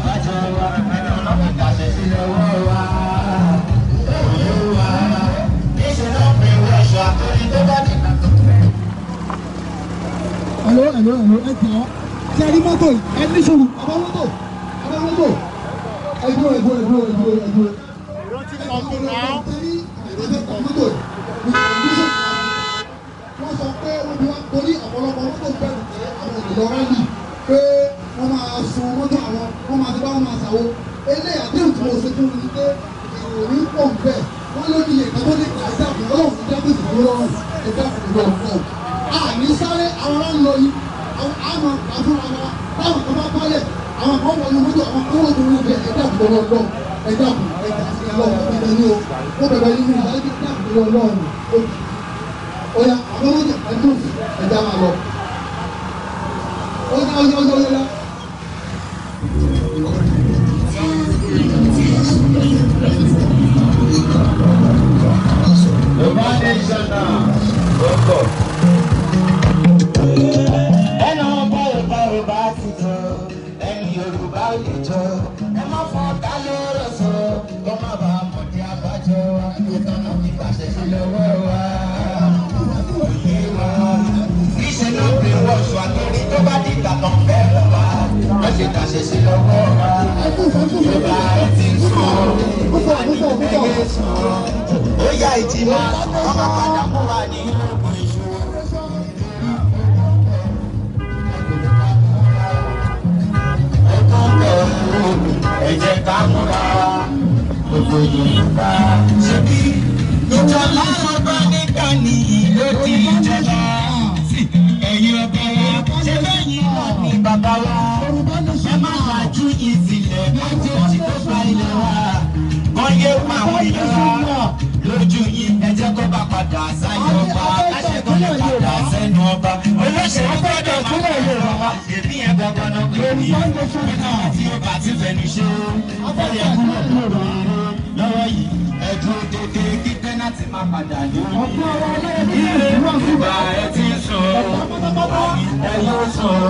àbájọ wa ìgbàṣẹ sílẹ̀ wọ́ wa. Olúwa níṣẹ́ náà pé wọ́n ṣọ́ ẹ ní sùúrù ọba mọ́tò ọba mọ́tò ẹgbẹ́ ẹgbẹ́ ẹgbẹ́ ẹgbẹ́ ẹgbẹ́. Ìrántí kan tó náà. Ìrántí kan tó náà sọ pé wọ́n ti wá torí ọ̀pọ̀lọpọ̀ mọ́tò bẹ̀rù pé àwọn òdòdó rálì pé ìyàwó eléyà tí òtún mo ṣe fún mi pé ìròyìn pọ̀ ń bẹ̀ wọ́n ló ní ìyẹ̀kọ́ tó lè gbà ẹ́ dàbí ọlọ́run ti dábò ìdúró lọ́rùn ẹ̀ dábò ìdúró lọ́rùn. àní sáré ara ń lọ yìí àmọ́ àfúnra wa báwọn kan bá kọ́lẹ̀ àwọn kan wọlé mọ́tò àwọn kan wọ́n tó wọ́n bẹ̀ ẹ̀ dábò lọ́rùn ẹ̀ dábò ẹ̀ dábò lọ́rùn ọ̀yà àwọn mọ́tò ẹ̀ tó ẹ̀dá máa lọ. ó dá ọjọ́ ọjọ́ ọjọ́ láìjí mọ́. ọmọ padà kó wà ní oògùn ká múra gbogbo Yorùbá. ṣebí ìjọba ọba nígbà nìyí ló ti jọba ẹ̀yin ọba ṣe lẹ́yìn náà ni bàbá wa ẹ má ṣáájú ìsìlẹ̀ mọ́tò tí tó bá ilẹ̀ wa kọ́ yé pa àwọn lójú yín ẹ jẹ́ kó bá padà sáyé ọba kó lè padà sẹ́nu ọba olóṣèlú gbọ́dọ̀ máa ń lọ wá èmi yẹn gbọ́dọ̀ náà pé mi nígbà tí ó bá ti fẹnu ṣe ó fẹ́rẹ̀ kúrò kúrò yìí ẹ̀dùn dédé kí pẹ́nàtì máa padà lórí ilé ìwà ẹ ti sùn ẹ̀yìn sùn.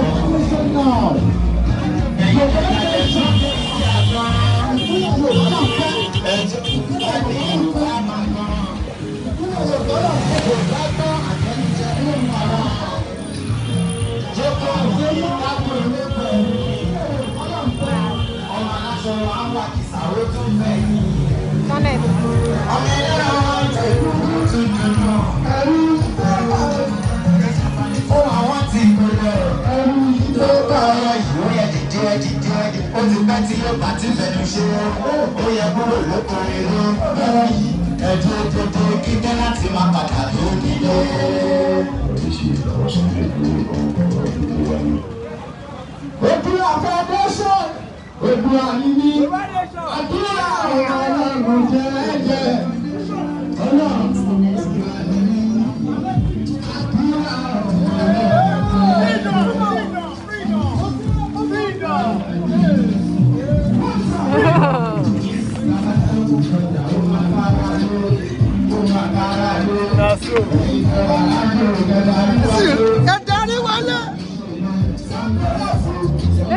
tí ó bá ti fẹ̀yìn ṣe ó yẹ kúrò lókùnrin ló bẹ́ẹ̀ yìí ẹ̀dùn òdodo kíkẹ́ láti máa padà lónìí lé. Ogun àfọ̀dẹ́sọ̀n, ogun àyíní. Let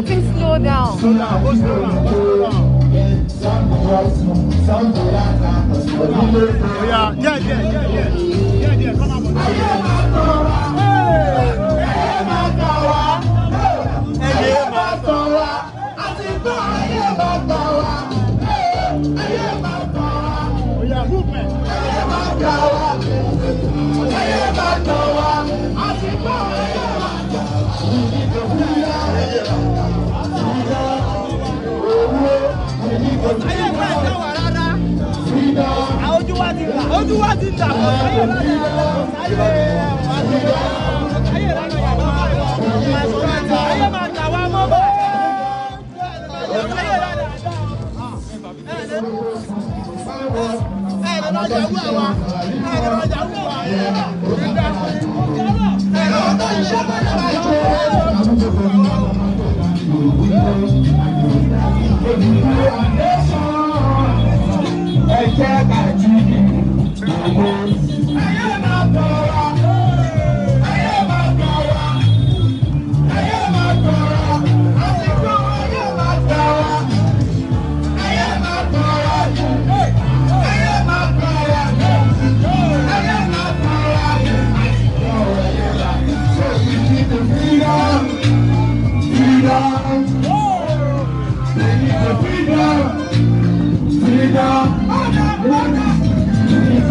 him slow down. slow down. Yeah, yeah, yeah, yeah, yeah, yeah. Come on. Hey. olúwa ti dà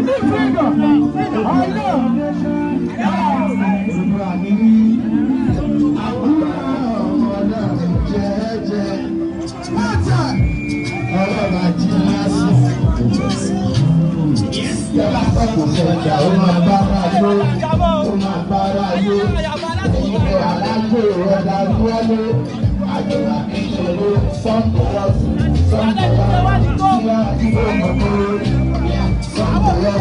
yàrá sọ̀kò sọ̀jà ó máa bá ara ló ó máa bá ara ló ìlú alágbó ìrọ̀lá lọ́lọ́ àjọyọ̀ ìṣòro sọ́ńtò lọ́sùn sọ́ńtò lọ́sùn síra ìlú ọ̀gbọ̀n. Yeah.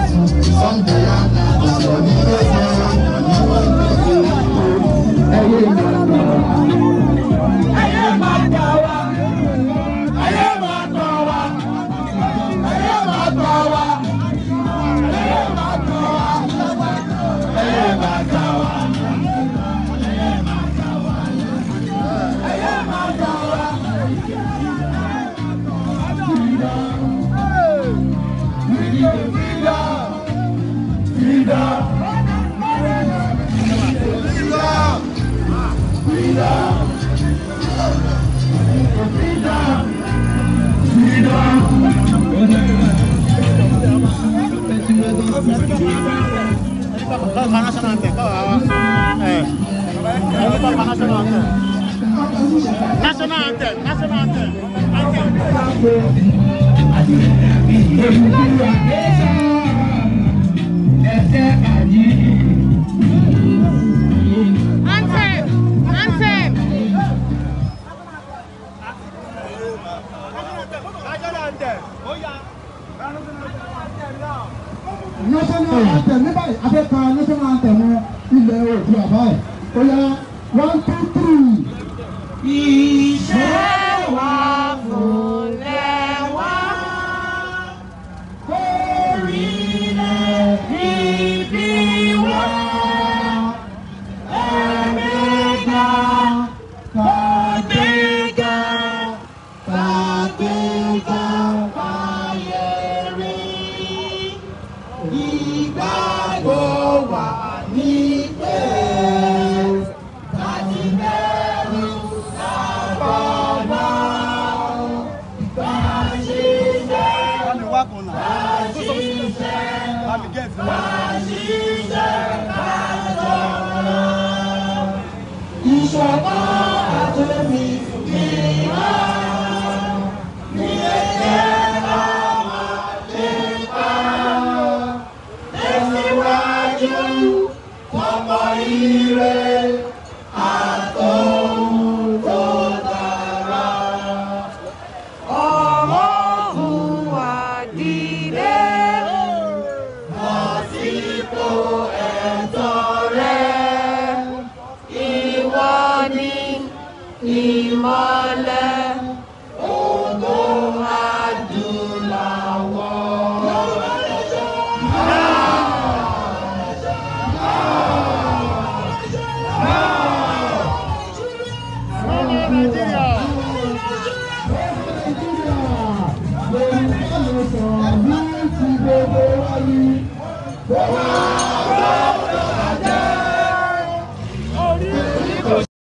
Bàbá national anthem káwá wa. Bàbá national anthem. National anthem. National anthem. Anthem. Ẹsẹ̀ àyè. ìgbàgbọ́ wa ní pé ìṣọ̀kan àtúnbí ni wọ́n.